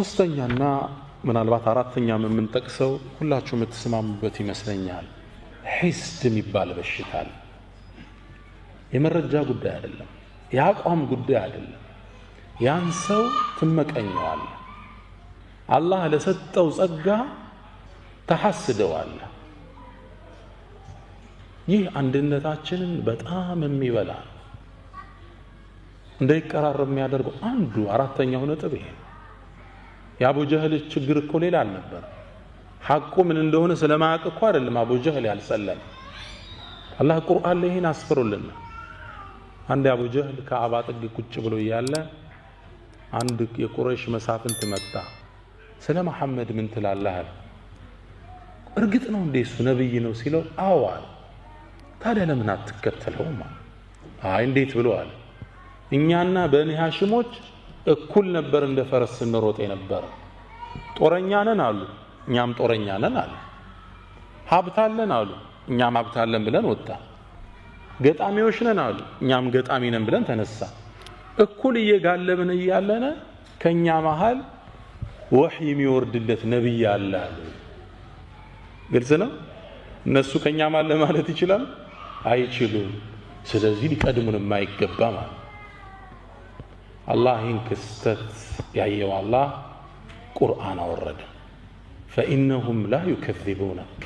ሶስተኛና ምናልባት አራተኛ የምንጠቅሰው ሁላችሁ የምትስማሙበት ይመስለኛል። ሒስድ የሚባል በሽታል የመረጃ ጉዳይ አይደለም፣ የአቋም ጉዳይ አይደለም። ያን ሰው ትመቀኘዋለ አላህ ለሰጠው ጸጋ ተሐስደዋል። ይህ አንድነታችንን በጣም የሚበላ እንዳይቀራረብ የሚያደርገው አንዱ አራተኛው ነጥብ ይሄ ጀህል ችግር እኮ ሌላ አልነበር። ሐቁ ምን እንደሆነ ስለ ማቅ እኮ አይደለም ጀህል ያልጸለም። አላህ ቁርአን ላይ ይህን አስፈሩልና አንድ ጀህል ከአባ ጥግ ቁጭ ብሎ እያለ አንድ የቁረሽ መሳፍንት መጣ። ስለ መሐመድ ምን ትላለህ? እርግጥ ነው እንዴ እሱ ነብይ ነው ሲለው፣ አዋል ታዲያ ለምን አትከተለውም? አይ እንዴት ብሎ አለ እኛና በኒ ሐሽሞች እኩል ነበር እንደ ፈረስ ስንሮጥ የነበረ። ጦረኛ ነን አሉ፣ እኛም ጦረኛ ነን አሉ። ሀብታለን አሉ፣ እኛም ሀብታለን ብለን ወጣ። ገጣሚዎች ነን አሉ፣ እኛም ገጣሚ ነን ብለን ተነሳ። እኩል እየጋለብን እያለነ ከእኛ መሀል ወህይ የሚወርድለት ነቢይ አለ አሉ። ግልጽ ነው። እነሱ ከእኛ ማለ ማለት ይችላል አይችሉም። ስለዚህ ሊቀድሙን የማይገባ ማለት አላህ ይህን ክስተት ያየው አላህ ቁርአን አወረደ። ፈኢነሁም ላ ዩከዚቡነክ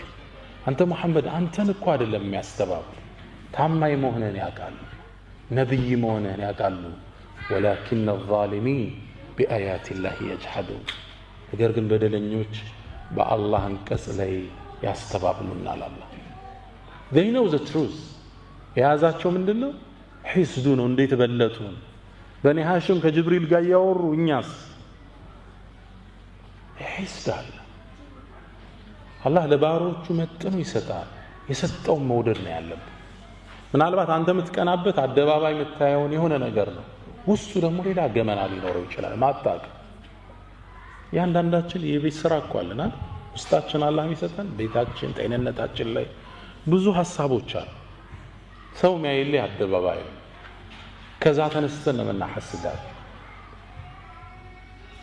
አንተ ሙሐመድ አንተን እኮ አይደለም የሚያስተባብሉ ታማኝ መሆንህን ያውቃሉ፣ ነቢይ መሆንህን ያውቃሉ። ወላኪነ ዛሊሚን ቢአያቲላህ የጅሐዱን ነገር ግን በደለኞች በአላህ አንቀጽ ላይ ያስተባብሉናል። አላ ዜይ ዘ ትሩዝ የያዛቸው ምንድን ነው? ሒስዱ ነው። እንዴት በለጡን በእኔ ሀሽም ከጅብሪል ጋር እያወሩ እኛስ ይስዳል። አላህ ለባሮቹ መጥኖ ይሰጣል። የሰጠውን መውደድ ነው ያለብ። ምናልባት አንተ የምትቀናበት አደባባይ የምታየውን የሆነ ነገር ነው። ውስጡ ደግሞ ሌላ ገመና ሊኖረው ይችላል። ማጣቅ እያንዳንዳችን የቤት ስራ እኮ ውስጣችን አላህ የሚሰጠን ቤታችን፣ ጤንነታችን ላይ ብዙ ሀሳቦች አሉ። ሰው ሚያይልህ አደባባይ ነው ከዛ ተነስተን ነው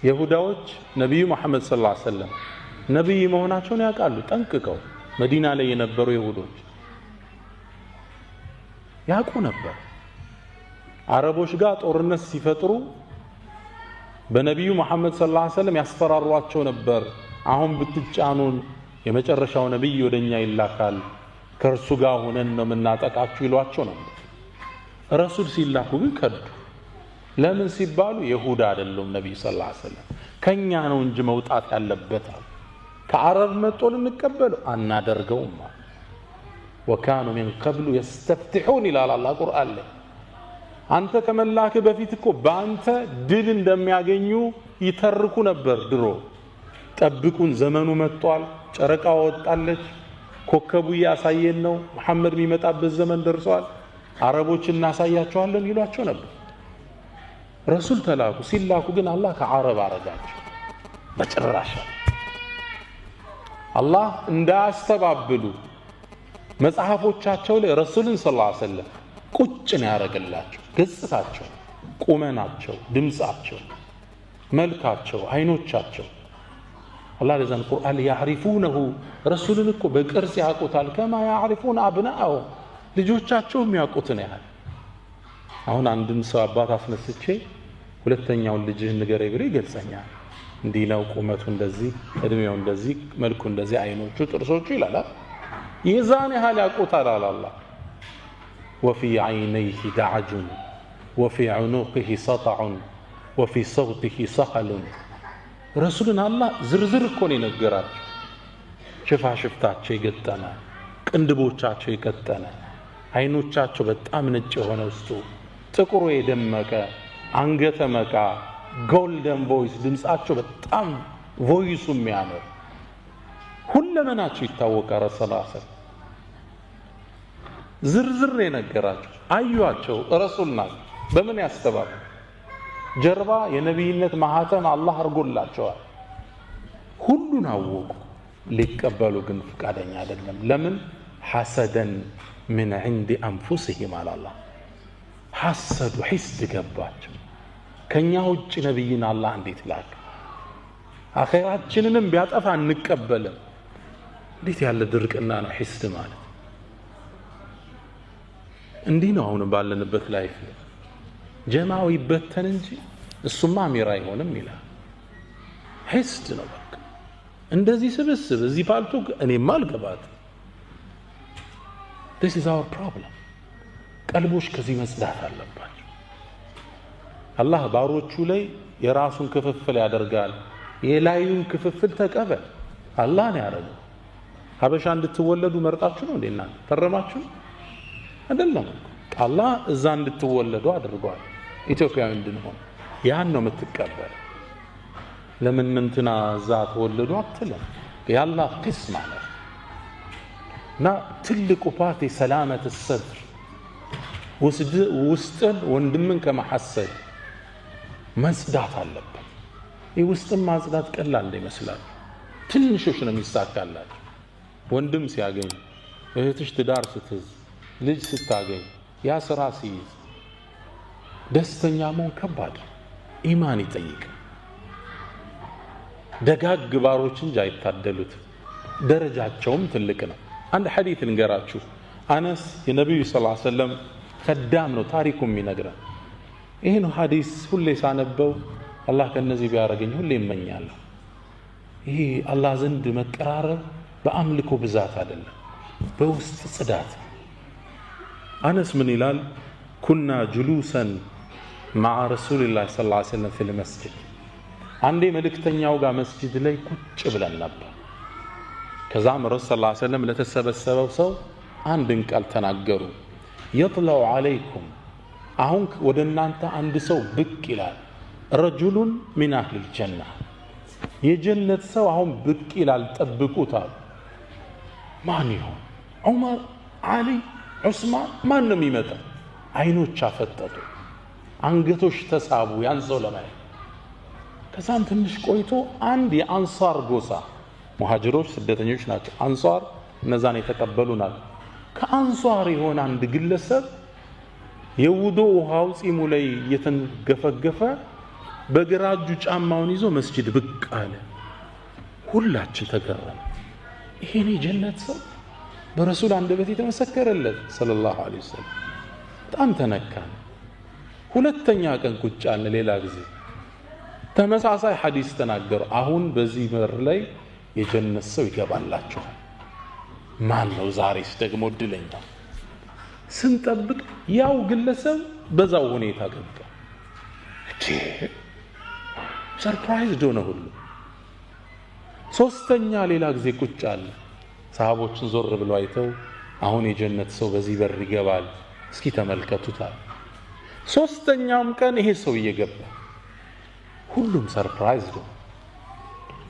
የሁዳዎች ነቢዩ መሐመድ ሰለላሁ ላ ሰለም ነቢይ መሆናቸውን ያውቃሉ ጠንቅቀው። መዲና ላይ የነበሩ የሁዶች ያውቁ ነበር። አረቦች ጋር ጦርነት ሲፈጥሩ በነቢዩ መሐመድ ሰለላሁ ላ ሰለም ያስፈራሯቸው ነበር። አሁን ብትጫኑን የመጨረሻው ነቢይ ወደኛ ይላካል፣ ከእርሱ ጋር ሆነን ነው የምናጠቃችሁ ይሏቸው ነበር። ረሱል ሲላኩ ግን ከዱ። ለምን ሲባሉ የሁዳ አይደለም ነቢዩ ሰለላሁ ዐለይሂ ወሰለም ከኛ ነው እንጂ መውጣት ያለበት ከአረብ መጦ ልንቀበለው አናደርገውም። ወካኑ ሚን ቀብሉ የስተፍትሑን ይላል አላህ ቁርአን ላይ። አንተ ከመላክህ በፊት እኮ በአንተ ድል እንደሚያገኙ ይተርኩ ነበር ድሮ። ጠብቁን፣ ዘመኑ መጥቷል፣ ጨረቃ ወጣለች፣ ኮከቡ እያሳየን ነው፣ መሐመድ የሚመጣበት ዘመን ደርሷል። አረቦች እናሳያቸዋለን ይሏቸው ነበር። ረሱል ተላኩ። ሲላኩ ግን አላህ ከአረብ አረጋቸው። በጭራሽ አላህ እንዳያስተባብሉ መጽሐፎቻቸው ላይ ረሱልን ሰለላሁ ዐለይሂ ወሰለም ቁጭ ነው ያደረገላቸው። ገጽታቸው፣ ቁመናቸው፣ ድምፃቸው፣ መልካቸው፣ አይኖቻቸው አላ ለዛን ቁርአን ያዕሪፉነሁ ረሱልን እኮ በቅርጽ ያውቁታል። ከማ ያዕሪፉን አብናአሁም ልጆቻቸው የሚያውቁትን ያህል አሁን አንድን ሰው አባት አስነስቼ ሁለተኛውን ልጅህን ንገረኝ ብሎ ይገልጸኛል። እንዲህ ነው ቁመቱ፣ እንደዚህ እድሜው፣ እንደዚህ መልኩ፣ እንደዚህ አይኖቹ፣ ጥርሶቹ ይላላል። የዛን ያህል ያውቁታል አላላ ወፊ ዓይነይህ ዳዓጁን ወፊ ዕኑቅህ ሰጣዑን ወፊ ሰውትህ ሰኸሉን። ረሱልን አላህ ዝርዝር እኮ ነው የነገራቸው። ሽፋሽፍታቸው የገጠመ ቅንድቦቻቸው የቀጠነ አይኖቻቸው በጣም ነጭ የሆነ እሱ ጥቁሩ የደመቀ አንገተ መቃ ጎልደን ቮይስ ድምፃቸው በጣም ቮይሱ የሚያምር ሁለመናቸው ይታወቃል። ረሱላ ዝርዝር የነገራቸው አዩቸው። ረሱል ናቸው። በምን ያስተባሉ? ጀርባ የነቢይነት ማህተም አላህ አድርጎላቸዋል። ሁሉን አወቁ። ሊቀበሉ ግን ፈቃደኛ አይደለም። ለምን ሐሰደን ምን ዒንዲ አንፉሲሂም አላላ ሐሰዱ ሒስድ ገባቸው። ከእኛ ውጭ ነቢይን አላህ እንዴት ላክ? አኼራችንንም ቢያጠፋ አንቀበልም። እንዴት ያለ ድርቅና ነው ሒስድ ማለት! እንዲህ ነው አሁንም ባለንበት ላይፍ ጀማው ይበተን እንጂ እሱማ አሚር አይሆንም ይላል። ሒስድ ነው በቃ እንደዚህ ስብስብ እዚህ ፓልቶ እኔማ አልገባትም ዲስ ኢዝ አወር ፕሮብለም። ቀልቦች ከዚህ መጽዳት አለባቸው። አላህ ባሮቹ ላይ የራሱን ክፍፍል ያደርጋል። የላዩን ክፍፍል ተቀበል። አላህ ነው ያደረገው። ሀበሻ እንድትወለዱ መርጣችሁ ነው እንዴና ፈረማችሁ አይደለም። አላህ እዛ እንድትወለዱ አድርጓል። ኢትዮጵያዊ እንድንሆን ያን ነው የምትቀበል። ለምን እንትና እዛ ተወለዱ አትልም። የአላህ ቅስም ማለት እና ትልቁ ፓርቲ ሰላመት ሰድር ውስጥን ወንድምን ከመሐሰድ መጽዳት አለበት። ይህ ውስጥን ማጽዳት ቀላል ይመስላል። ትንሾች ነው የሚሳካላቸው። ወንድም ሲያገኝ፣ እህትሽ ትዳር ስትይዝ፣ ልጅ ስታገኝ፣ ያ ስራ ሲይዝ ደስተኛ መሆን ከባድ ኢማን ይጠይቅ። ደጋግ ባሮች እንጂ አይታደሉትም። ደረጃቸውም ትልቅ ነው። አንድ ሐዲት ልንገራችሁ። አነስ የነቢዩ ስ ሰለም ከዳም ነው ታሪኩ የሚነግረን። ይህን ሐዲስ ሁሌ ሳነበው አላህ ከነዚህ ቢያደርገኝ ሁሌ ይመኛለሁ። ይሄ አላህ ዘንድ መቀራረብ በአምልኮ ብዛት አይደለም፣ በውስጥ ጽዳት። አነስ ምን ይላል? ኩና ጅሉሰን መዓ ረሱልላህ ስ ሰለም ፊል መስጅድ፣ አንዴ መልእክተኛው ጋር መስጅድ ላይ ቁጭ ብለን ነበር ከዛም ረሱ ስ ሰለም ለተሰበሰበው ሰው አንድን ቃል ተናገሩ። የጥለው ዓለይኩም አሁን ወደ እናንተ አንድ ሰው ብቅ ይላል። ረጁሉን ሚን አህሊል ጀና የጀነት ሰው አሁን ብቅ ይላል፣ ጠብቁት አሉ። ማን ይሆን? ዑመር፣ ዓሊ፣ ዑስማን ማን ነው የሚመጣ? አይኖች አፈጠጡ፣ አንገቶች ተሳቡ ያን ሰው ለማየት። ከዛም ትንሽ ቆይቶ አንድ የአንሳር ጎሳ ሙሃጅሮች፣ ስደተኞች ናቸው። አንሷር እነዛን የተቀበሉ ናቸው። ከአንሷር የሆነ አንድ ግለሰብ የውዶ ውሃው ፂሙ ላይ እየተንገፈገፈ በግራ እጁ ጫማውን ይዞ መስጅድ ብቅ አለ። ሁላችን ተገረመ። ይሄኔ ጀነት ሰው በረሱል አንደበት የተመሰከረለት ሰለላሁ ዐለይሂ ወሰለም በጣም ተነካን። ሁለተኛ ቀን ቁጭ አለ። ሌላ ጊዜ ተመሳሳይ ሐዲስ ተናገሩ። አሁን በዚህ በር ላይ የጀነት ሰው ይገባላችኋል። ማን ነው ዛሬስ ደግሞ እድለኛ? ስንጠብቅ ያው ግለሰብ በዛው ሁኔታ ገባ። ሰርፕራይዝ ሆነ ሁሉ። ሶስተኛ ሌላ ጊዜ ቁጭ አለ። ሰሃቦችን ዞር ብለው አይተው አሁን የጀነት ሰው በዚህ በር ይገባል፣ እስኪ ተመልከቱታል። ሶስተኛውም ቀን ይሄ ሰው እየገባ ሁሉም ሰርፕራይዝ ሆነ።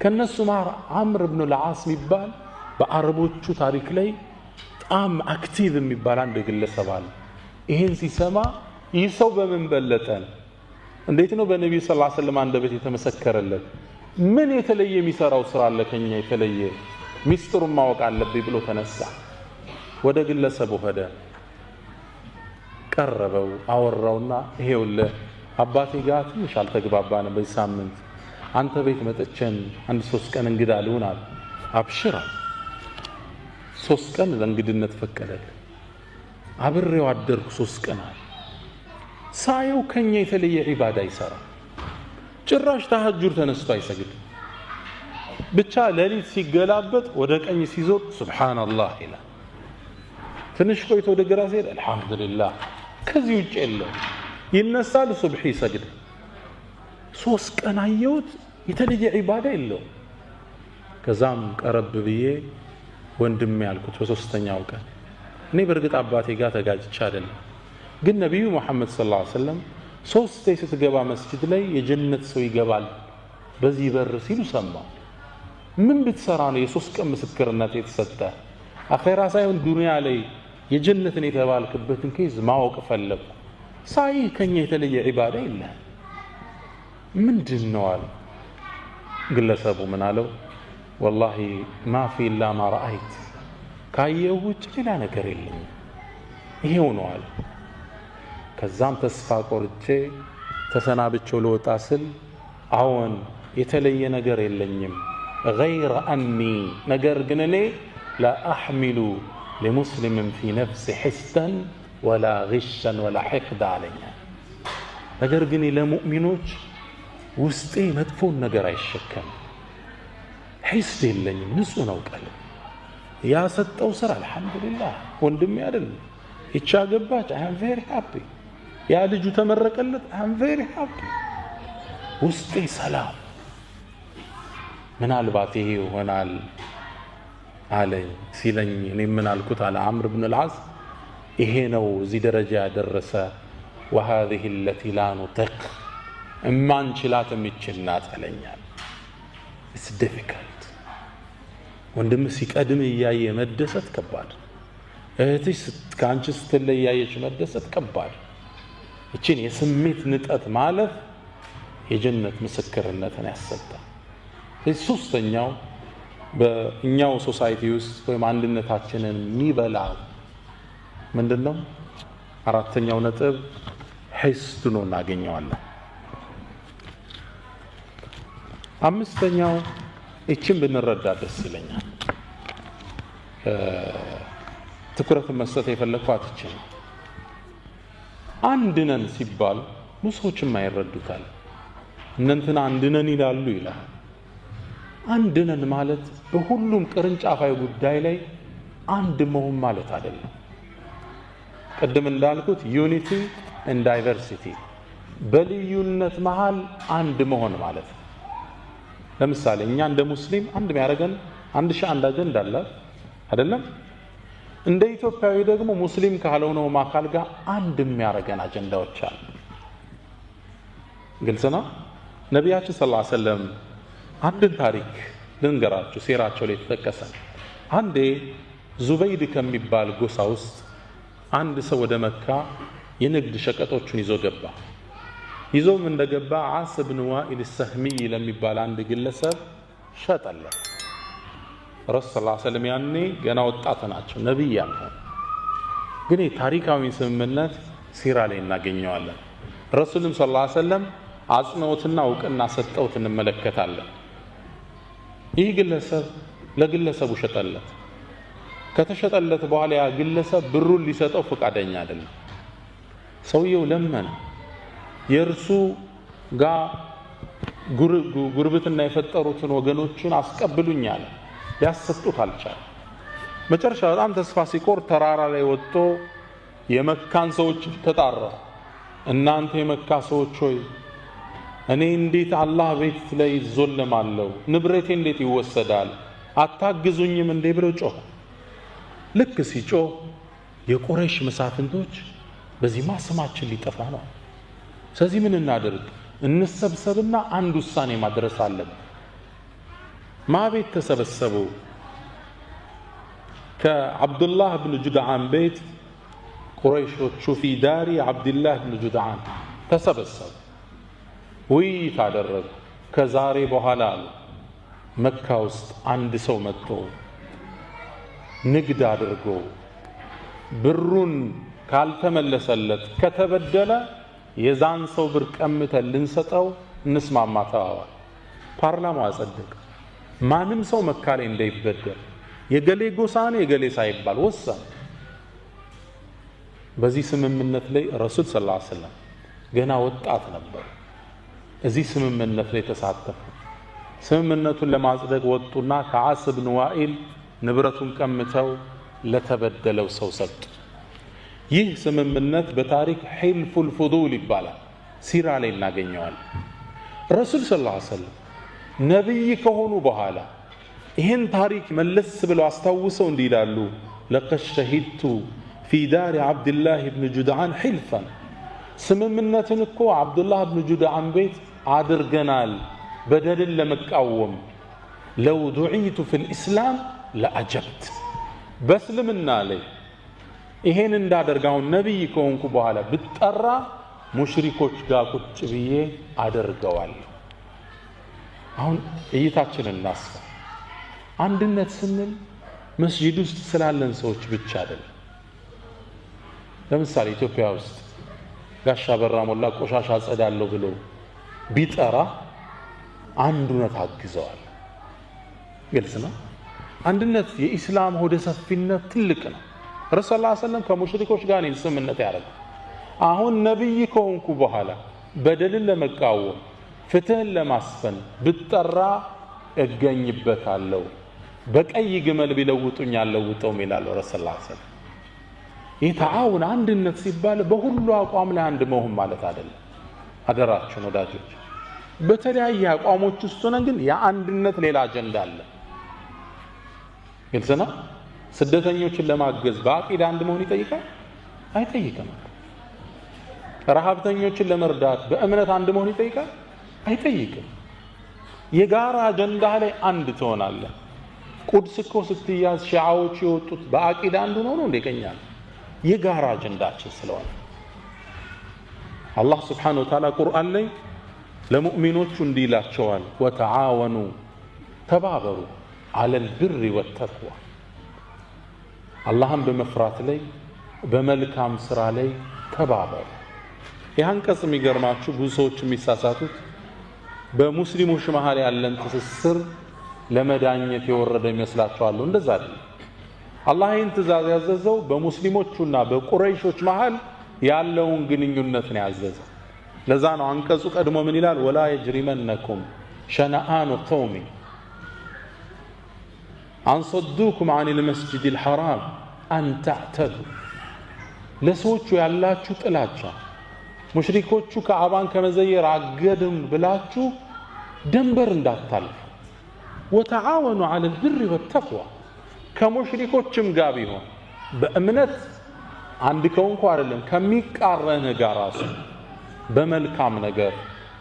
ከነሱ ማር አምር ብኑ ልዓስ የሚባል በአረቦቹ ታሪክ ላይ በጣም አክቲቭ የሚባል አንድ ግለሰብ አለ። ይህን ሲሰማ ይህ ሰው በምን በለጠን? እንዴት ነው በነቢዩ ሰለላሁ ስለም አንደበት የተመሰከረለት? ምን የተለየ የሚሰራው ስራ አለ ከኛ የተለየ? ሚስጥሩን ማወቅ አለብኝ ብሎ ተነሳ። ወደ ግለሰቡ ሄደ፣ ቀረበው፣ አወራውና ይሄውለ አባቴ ጋር ትንሽ አልተግባባንም በዚህ ሳምንት አንተ ቤት መጥቼም አንድ ሶስት ቀን እንግዳ ልሁን አለ። አብሽራ ሶስት ቀን ለእንግድነት ፈቀደልን። አብሬው አደርኩ ሶስት ቀን አለ። ሳየው ከኛ የተለየ ዒባዳ ይሰራ ጭራሽ ተሐጁር ተነስቶ አይሰግድም። ብቻ ሌሊት ሲገላበጥ ወደ ቀኝ ሲዞር ሱብሓነላህ ይላል። ትንሽ ቆይቶ ወደ ግራ ሲሄድ አልሐምዱሊላህ። ከዚህ ውጭ የለው። ይነሳል፣ ሱብሒ ይሰግዳል። ሶስት ቀን አየሁት። የተለየ ዒባዳ የለውም። ከዛም ቀረብ ብዬ ወንድሜ ያልኩት በሶስተኛው ቀን እኔ በእርግጥ አባቴ ጋር ተጋጭቻ አይደለም፣ ግን ነቢዩ መሐመድ ስ ዐለይሂ ወሰለም ሶስቴ ስትገባ መስጅድ ላይ የጀነት ሰው ይገባል በዚህ በር ሲሉ ሰማ። ምን ብትሰራ ነው የሶስት ቀን ምስክርነት የተሰጠ? አኼራ ሳይሆን ዱንያ ላይ የጀነትን የተባልክበትን ኬዝ ማወቅ ፈለግኩ። ሳይ ከኛ የተለየ ዒባዳ የለህም። ምንድን ነው አለ። ግለሰቡ ምን አለው? ወላሂ ማፊ ኢላ ማ ረአይት፣ ካየው ውጭ ሌላ ነገር የለም ይሄው ነው አለ። ከዛም ተስፋ ቆርቼ ተሰናብቼው ልወጣ ስል አዎን የተለየ ነገር የለኝም ገይረ አኒ ነገር ግን እኔ ላአሕሚሉ ሊሙስሊምን ፊ ነፍሲ ሒስተን ወላ ግሻን ወላ ሕቅዳ አለኛ ነገር ግን ለሙእሚኖች ውስጤ መጥፎን ነገር አይሸከምም። ሒስድ የለኝም፣ ንጹህ ነው ያሰጠው ስራ አልሐምዱሊላህ። ወንድሜ አይደለም ይቻ ገባች አም ቬሪ ሃፒ። ያ ልጁ ተመረቀለት አም ቬሪ ሃፒ። ውስጤ ሰላም። ምናልባት ይሄ ይሆናል አለኝ ሲለኝ እኔ ምን አለ አምር ብን ልዓስ ይሄ ነው እዚህ ደረጃ ያደረሰ ወሃዚህ ለቲ ላ ኑጢቅ እማንችላት የሚችል ናት ስ ዲፊካልት ወንድም ሲቀድም እያየ መደሰት ከባድ፣ እህትሽ ከአንቺ ስትለ እያየች መደሰት ከባድ። እችን የስሜት ንጠት ማለፍ የጀነት ምስክርነትን ያሰጣል። ሶስተኛው በእኛው ሶሳይቲ ውስጥ ወይም አንድነታችንን የሚበላው ምንድን ነው? አራተኛው ነጥብ ሂስድ እናገኘዋለን። አምስተኛው እችን ብንረዳ ደስ ይለኛል። ትኩረት መስጠት የፈለግኳት እችን አንድ ነን ሲባል ብዙ ሰዎችም አይረዱታል። እነንትና አንድ ነን ይላሉ ይላል። አንድ ነን ማለት በሁሉም ቅርንጫፋዊ ጉዳይ ላይ አንድ መሆን ማለት አይደለም። ቅድም እንዳልኩት ዩኒቲ እንድ ዳይቨርሲቲ በልዩነት መሃል አንድ መሆን ማለት ነው። ለምሳሌ እኛ እንደ ሙስሊም አንድ የሚያደርገን አንድ ሺህ አንድ አጀንዳ አለ አይደለም? እንደ ኢትዮጵያዊ ደግሞ ሙስሊም ካልሆነው አካል ጋር አንድ የሚያደርገን አጀንዳዎች አሉ። ግልጽ ነው። ነቢያችን ሰለላሁ ዐለይሂ ወሰለም አንድን ታሪክ ልንገራችሁ፣ ሴራቸው ላይ የተጠቀሰ አንዴ ዙበይድ ከሚባል ጎሳ ውስጥ አንድ ሰው ወደ መካ የንግድ ሸቀጦቹን ይዞ ገባ። ይዞም እንደገባ አስ ብን ዋኢል ሰህሚይ ለሚባል አንድ ግለሰብ ሸጠለት። ረሱ ስ ሰለም ያኔ ገና ወጣት ናቸው፣ ነቢይ ያልሆኑ ግን ታሪካዊ ስምምነት ሲራ ላይ እናገኘዋለን። ረሱልም ስ ሰለም አጽንኦትና እውቅና ሰጠውት እንመለከታለን። ይህ ግለሰብ ለግለሰቡ ሸጠለት። ከተሸጠለት በኋላ ያ ግለሰብ ብሩን ሊሰጠው ፈቃደኛ አይደለም። ሰውየው ለመነ። የእርሱ ጋር ጉርብትና የፈጠሩትን ወገኖቹን አስቀብሉኝ አለ። ሊያሰጡት አልቻለ። መጨረሻ በጣም ተስፋ ሲቆር ተራራ ላይ ወጥቶ የመካን ሰዎች ተጣራ። እናንተ የመካ ሰዎች ሆይ እኔ እንዴት አላህ ቤት ላይ ይዞልማለሁ? ንብረቴ እንዴት ይወሰዳል? አታግዙኝም እንዴ ብለው ጮኸ። ልክ ሲጮህ የቁረሽ መሳፍንቶች በዚህማ ስማችን ሊጠፋ ነው ስለዚህ ምን እናደርግ? እንሰብሰብና አንድ ውሳኔ ማድረስ አለብን። ማቤት ተሰበሰቡ ከአብዱላህ ብን ጁድዓን ቤት ቁረይሾቹ ፊ ዳሪ አብድላህ ብን ጁድዓን ተሰበሰቡ። ውይይት አደረጉ። ከዛሬ በኋላ አሉ መካ ውስጥ አንድ ሰው መጥቶ ንግድ አድርጎ ብሩን ካልተመለሰለት ከተበደለ የዛን ሰው ብር ቀምተን ልንሰጠው እንስማማ ተባባል። ፓርላማው አጸደቀ። ማንም ሰው መካሌ እንዳይበደል የገሌ ጎሳን የገሌ ሳይባል ወሰን። በዚህ ስምምነት ላይ ረሱል ሰለላሁ ዐለይሂ ወሰለም ገና ወጣት ነበር እዚህ ስምምነት ላይ ተሳተፉ። ስምምነቱን ለማጽደቅ ወጡና ከዓስ ብን ዋኢል ንብረቱን ቀምተው ለተበደለው ሰው ሰጡ። ይህ ስምምነት በታሪክ ሒልፉል ፉዱል ይባላል። ሲራ ላይ እናገኘዋል። ረሱል ስ ሰለም ነቢይ ከሆኑ በኋላ ይህን ታሪክ መለስ ብለው አስታውሰው እንዲህ ይላሉ፣ ለቀድ ሸሂድቱ ፊ ዳሪ ዓብድላህ ብን ጁድዓን ሒልፈን፣ ስምምነትን እኮ ዓብዱላህ ብን ጁድዓን ቤት አድርገናል፣ በደልን ለመቃወም ለው ዱዒቱ ፊ ልእስላም ለአጀብት በእስልምና ላይ ይሄን እንዳደርግ አሁን ነቢይ ከሆንኩ በኋላ ብጠራ ሙሽሪኮች ጋር ቁጭ ብዬ አደርገዋለሁ። አሁን እይታችንን እናስፋ። አንድነት ስንል መስጂድ ውስጥ ስላለን ሰዎች ብቻ አይደለም። ለምሳሌ ኢትዮጵያ ውስጥ ጋሻ በራ ሞላ ቆሻሻ አጸዳለሁ ብሎ ቢጠራ አንድነት አግዘዋል። ግልጽ ነው። አንድነት የኢስላም ሆደ ሰፊነት ትልቅ ነው። ረሱ ላ ሰለም ከሙሽሪኮች ጋር ነው ስምምነት ያደረገ። አሁን ነቢይ ከሆንኩ በኋላ በደልን ለመቃወም ፍትህን ለማስፈን ብጠራ እገኝበታለሁ። በቀይ ግመል ቢለውጡኝ አልለውጠውም ይላሉ ረሱ ላ ሰለም። ይህ ተዓውን አንድነት ሲባል በሁሉ አቋም ላይ አንድ መሆን ማለት አይደለም። አደራችን ወዳጆች፣ በተለያየ አቋሞች ውስጥ ሆነን ግን የአንድነት ሌላ አጀንዳ አለ። ግልጽ ነው። ስደተኞችን ለማገዝ በአቂዳ አንድ መሆን ይጠይቃል? አይጠይቅም። ረሃብተኞችን ለመርዳት በእምነት አንድ መሆን ይጠይቃል? አይጠይቅም። የጋራ አጀንዳ ላይ አንድ ትሆናለህ። ቁድስ እኮ ስትያዝ ሺዓዎች የወጡት በአቂዳ አንዱ ነው ነው እንደቀኛል የጋራ አጀንዳችን ስለሆነ አላህ ስብሓነሁ ወተዓላ ቁርአን ላይ ለሙእሚኖቹ እንዲህ ይላቸዋል፣ ወተዓወኑ ተባበሩ አለል ብሪ ወተቅዋ አላህን በመፍራት ላይ በመልካም ስራ ላይ ተባበሩ። ይህ አንቀጽ የሚገርማችሁ ብዙ ሰዎች የሚሳሳቱት በሙስሊሞች መሀል ያለን ትስስር ለመዳኘት የወረደ ይመስላቸዋል። እንደዛ አይደለም። አላህ ይህን ትእዛዝ ያዘዘው በሙስሊሞቹና በቁረይሾች መሀል ያለውን ግንኙነት ነው ያዘዘው። ለዛ ነው አንቀጹ ቀድሞ ምን ይላል? ወላ የጅሪመነኩም ሸነአኑ ቀውሚ አንሶዱኩም አኒል መስጅድ ልሐራም አንታዕተዱ ለሰዎቹ ያላችሁ ጥላቻ ሙሽሪኮቹ ከአባን ከመዘየር አገድም ብላችሁ ደንበር እንዳታልፉ ወተዓወኑ አለ ልብር ወተቅዋ ከሙሽሪኮችም ጋር ቢሆን በእምነት አንድ ከው እንኳ አይደለም ከሚቃረን ጋር ራሱ በመልካም ነገር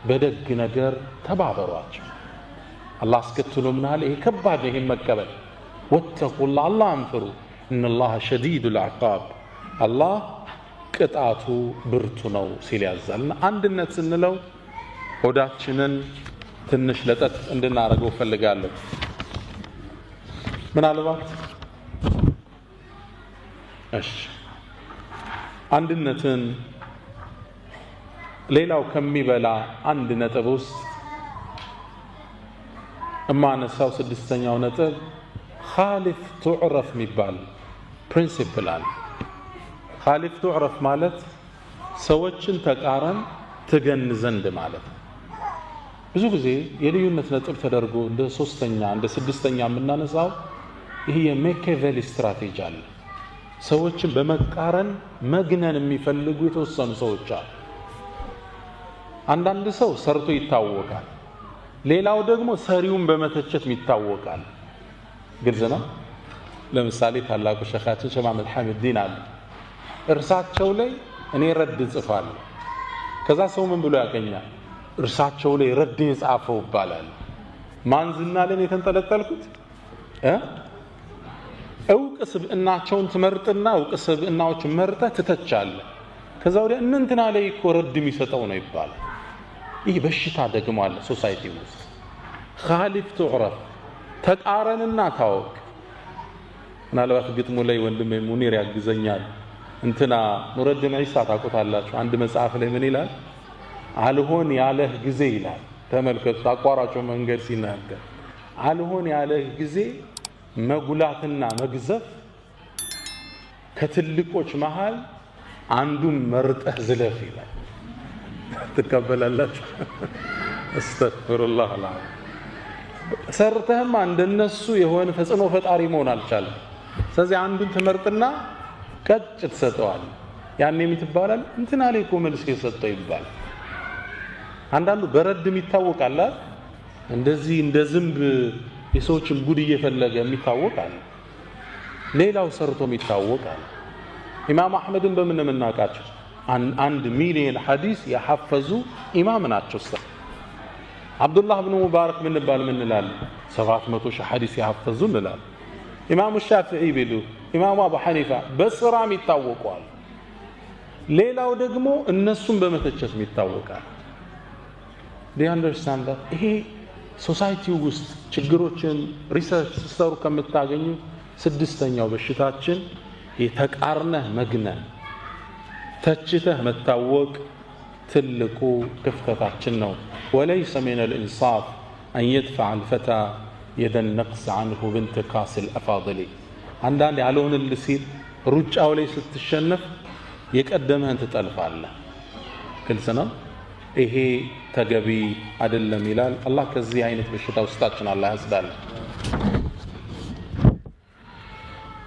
በደግ ነገር ተባበሯቸው አላህ አስከትሎ ምናለ ይሄ ከባድ ነው ይሄን መቀበል ወተቁላ አላህን ፍሩ እነላህ ሸዲዱል አቃብ አላህ ቅጣቱ ብርቱ ነው ሲል ያዛልና አንድነት ስንለው ሆዳችንን ትንሽ ለጠጥ እንድናደርገው ፈልጋለሁ። ምናልባት እሺ አንድነትን ሌላው ከሚበላ አንድ ነጥብ ውስጥ እማነሳው ስድስተኛው ነጥብ ካሊፍ ትዕረፍ የሚባል ፕሪንሲፕል አለ። ካሊፍ ትዕረፍ ማለት ሰዎችን ተቃረን ትገን ዘንድ ማለት ነው። ብዙ ጊዜ የልዩነት ነጥብ ተደርጎ እንደ ሶስተኛ እንደ ስድስተኛ የምናነሳው ይህ የሜኬቬል ስትራቴጂ አለ። ሰዎችን በመቃረን መግነን የሚፈልጉ የተወሰኑ ሰዎች አሉ። አንዳንድ ሰው ሰርቶ ይታወቃል። ሌላው ደግሞ ሰሪውን በመተቸት ይታወቃል። ግልጽ ነው። ለምሳሌ ታላቁ ሸካችን ሸማ መልሐምዲን አሉ። እርሳቸው ላይ እኔ ረድ ጽፋለሁ። ከዛ ሰው ምን ብሎ ያገኛል? እርሳቸው ላይ ረድ የጻፈው ይባላል። ማን ዝና ለን የተንጠለጠልኩት እውቅ ስብእናቸውን ትመርጥና እውቅ ስብእናዎች መርጠ ትተቻለ። ከዛ ወዲያ እንንትና ላይ እኮ ረድ የሚሰጠው ነው ይባላል። ይህ በሽታ ደግሞ አለ ሶሳይቲ ውስጥ ካሊፍ ትዕረፍ ተቃረንና ታወቅ። ምናልባት ግጥሙ ላይ ወንድም ሙኒር ያግዘኛል። እንትና ኑረድን ዒሳ ታውቁታላችሁ። አንድ መጽሐፍ ላይ ምን ይላል? አልሆን ያለህ ጊዜ ይላል። ተመልከቱ፣ አቋራጮ መንገድ ሲናገር አልሆን ያለህ ጊዜ መጉላትና መግዘፍ ከትልቆች መሃል አንዱን መርጠህ ዝለፍ ይላል። ትቀበላላችሁ? አስተግፍሩላህ ሰርተህማ እንደነሱ የሆነ ተጽዕኖ ፈጣሪ መሆን አልቻለም። ስለዚህ አንዱን ትመርጥና ቀጭ ትሰጠዋል። ያኔ የምትባላል እንትና ላይ እኮ መልስ የሰጠው ይባል። አንዳንዱ በረድም ይታወቃል። እንደዚህ እንደ ዝንብ የሰዎችን ጉድ እየፈለገ የሚታወቃል። ሌላው ሰርቶም ይታወቃል። ኢማም አሕመድን በምን የምናውቃቸው? አንድ ሚሊየን ሐዲስ የሐፈዙ ኢማም ናቸው። አብዱላህ ብኑ ሙባረክ ምንባል ምን እንላለን? ሰባት ሺህ ሐዲስ ያፈዙ እንላለን። ኢማሙ ሻፊዒ ቢሉ ኢማሙ አቡ ሐኒፋ በስራም ይታወቋል። ሌላው ደግሞ እነሱን በመተቸትም ይታወቃል። ዲአንደርስታንድ ይሄ ሶሳይቲው ውስጥ ችግሮችን ሪሰርች ስትሰሩ ከምታገኙ ስድስተኛው በሽታችን የተቃርነህ መግነን ተችተህ መታወቅ تلكو كفتة تحتنو وليس من الإنصاف أن يدفع الفتى يد النقص عنه بانتقاص الأفاضلي عندنا علون اللي سير رجع وليس تشنف يقدمها أنت تألف الله كل سنة إيه تجبي عدل ميلال الله كزي عينت بشتا وستاتشن الله أسدال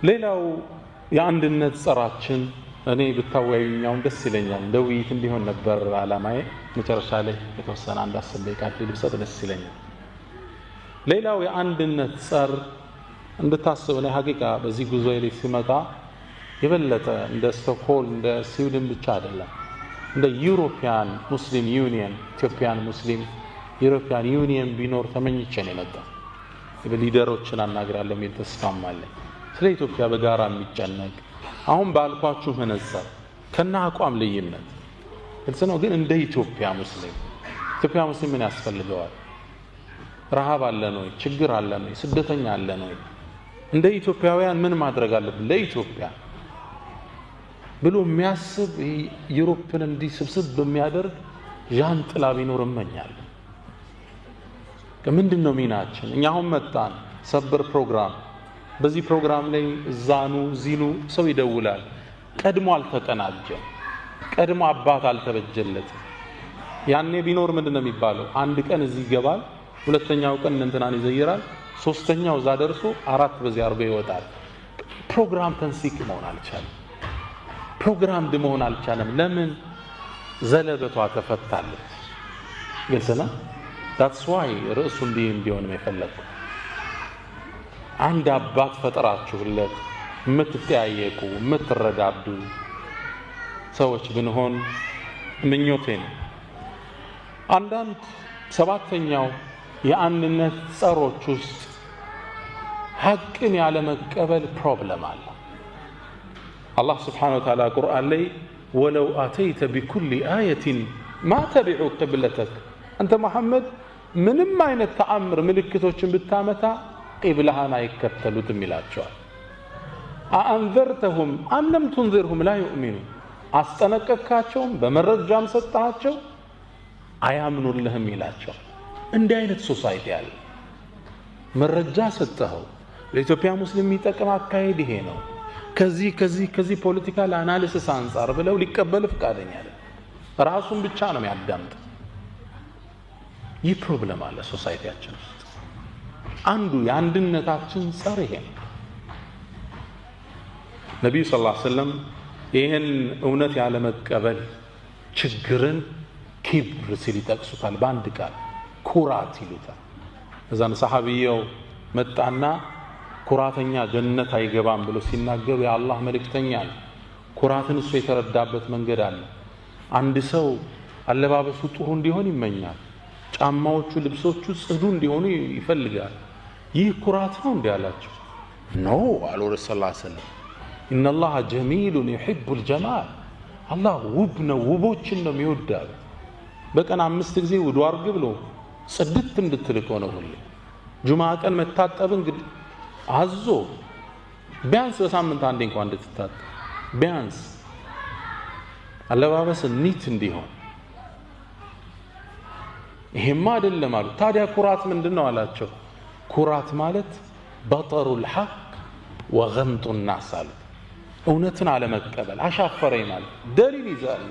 ليلة عند النت سراتشن እኔ ብታወያዩኛውን ደስ ይለኛል። እንደ ውይይት እንዲሆን ነበር አላማዬ። መጨረሻ ላይ የተወሰነ አንድ አስር ደቂቃ ልብሰጥ ደስ ይለኛል። ሌላው የአንድነት ጸር እንድታስብ እኔ ሀቂቃ በዚህ ጉዞ ላይ ሲመጣ የበለጠ እንደ ስቶክሆል እንደ ስዊድን ብቻ አይደለም እንደ ዩሮፒያን ሙስሊም ዩኒየን ኢትዮጵያን ሙስሊም ዩሮፒያን ዩኒየን ቢኖር ተመኝቼ የመጣ። ሊደሮችን አናግራለሁ የሚል ተስፋም አለኝ። ስለ ኢትዮጵያ በጋራ የሚጨነቅ አሁን ባልኳችሁ መነጽር ከና አቋም ልዩነት ግልጽ ነው። ግን እንደ ኢትዮጵያ ሙስሊም ኢትዮጵያ ሙስሊም ምን ያስፈልገዋል? ረሃብ አለን ወይ? ችግር አለን ወይ? ስደተኛ አለን ወይ? እንደ ኢትዮጵያውያን ምን ማድረግ አለብን? ለኢትዮጵያ ብሎ የሚያስብ ዩሮፕን እንዲህ ስብስብ በሚያደርግ ዣንጥላ ቢኖር እመኛለሁ። ምንድን ነው ሚናችን? እኛ አሁን መጣን ሰበር ፕሮግራም በዚህ ፕሮግራም ላይ ዛኑ ዚኑ ሰው ይደውላል። ቀድሞ አልተቀናጀም። ቀድሞ አባት አልተበጀለትም። ያኔ ቢኖር ምንድን ነው የሚባለው? አንድ ቀን እዚህ ይገባል፣ ሁለተኛው ቀን እንትናን ይዘይራል፣ ሶስተኛው እዛ ደርሶ አራት በዚህ አርጎ ይወጣል። ፕሮግራም ተንሲክ መሆን አልቻለም። ፕሮግራም መሆን አልቻለም። ለምን? ዘለበቷ ተፈታለች። ግልጽ ነው። ዳትስ ዋይ ርዕሱ እንዲህ እንዲሆን የፈለግኩት عند أبات فترات شو قلت متتعيكو مترد عبدو سوش بنهون من يوتين عندن سبات فنياو يعني نتصارو تشوز هك إني على مكابل بروبلم على الله سبحانه وتعالى قرآن لي ولو أتيت بكل آية ما تبعوا قبلتك أنت محمد من ما ينتعمر ملكتوش بالتامتا ብልሃን አይከተሉትም ይላቸዋል። አአንዘርተሁም አምለም ቱንዚርሁም ላ ዩእሚኑ አስጠነቀካቸውም በመረጃም ሰጠሃቸው አያምኑልህም ይላቸዋል። እንዲህ አይነት ሶሳይቲ አለ። መረጃ ሰጠኸው ለኢትዮጵያ ሙስሊም የሚጠቅም አካሄድ ይሄ ነው፣ ከዚህ ከዚህ ከዚህ ፖለቲካል አናሊሲስ አንጻር ብለው ሊቀበል ፈቃደኛ ራሱን ብቻ ነው ያዳምጥ። ይህ ፕሮብለም አለ ሶሳይቲያችን ውስጥ። አንዱ የአንድነታችን ጸር ይሄ ነው። ነቢዩ ስ ላ ስለም ይህን እውነት ያለመቀበል ችግርን ኪብር ሲል ይጠቅሱታል። በአንድ ቃል ኩራት ይሉታል። እዛን ሰሐቢየው መጣና ኩራተኛ ጀነት አይገባም ብሎ ሲናገሩ የአላህ መልእክተኛ ነው። ኩራትን እሱ የተረዳበት መንገድ አለ። አንድ ሰው አለባበሱ ጥሩ እንዲሆን ይመኛል። ጫማዎቹ፣ ልብሶቹ ጽዱ እንዲሆኑ ይፈልጋል። ይህ ኩራት ነው እንዲ አላቸው። ኖ አሉ ረሱ ሰለም ኢነላሃ ጀሚሉን ዩሒቡል ጀማል፣ አላህ ውብ ነው፣ ውቦችን ነው የሚወዳሉ። በቀን አምስት ጊዜ ውዱ አርግ ብሎ ጽድት እንድትልክ ሆነ ሁሌ ጁማ ቀን መታጠብ እንግዲህ አዞ ቢያንስ በሳምንት አንዴ እንኳ እንድትታጠ ቢያንስ አለባበስ ኒት እንዲሆን ይሄማ አይደለም አሉ። ታዲያ ኩራት ምንድን ነው አላቸው። ኩራት ማለት በጠሩል ሐቅ ወገምጡ ናስ አሉ። እውነትን አለመቀበል አሻፈረኝ ማለት ደሊል ይዛለ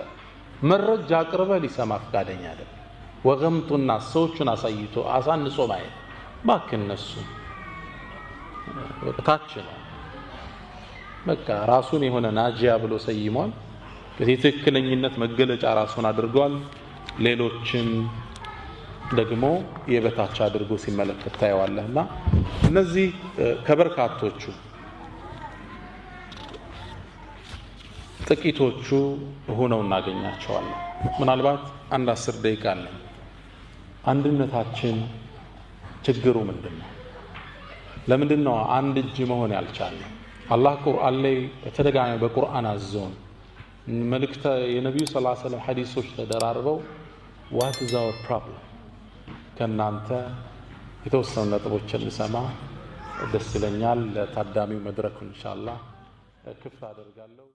መረጃ አቅርበ ሊሰማ ፈቃደኛ አለ። ወገምጡ ናስ ሰዎቹን አሳይቶ አሳንጾ ማየት ባክ እነሱ ታች ነው። በቃ ራሱን የሆነ ናጂያ ብሎ ሰይሟል። የትክክለኝነት መገለጫ ራሱን አድርጓል። ሌሎችን ደግሞ የበታች አድርጎ ሲመለከት ታየዋለህ። እና እነዚህ ከበርካቶቹ ጥቂቶቹ ሆነው እናገኛቸዋለን። ምናልባት አንድ አስር ደቂቃ አለን። አንድነታችን ችግሩ ምንድን ነው? ለምንድን ነው አንድ እጅ መሆን ያልቻለ? አላህ ቁርአን ላይ በተደጋሚ በቁርአን አዞን መልእክተ የነቢዩ ስ ሰለም ሐዲሶች ተደራርበው ዋት ኢዝ አወር ፕሮብለም ከእናንተ የተወሰኑ ነጥቦችን ልሰማ ደስ ይለኛል። ለታዳሚው መድረኩ እንሻላ ክፍት አደርጋለሁ።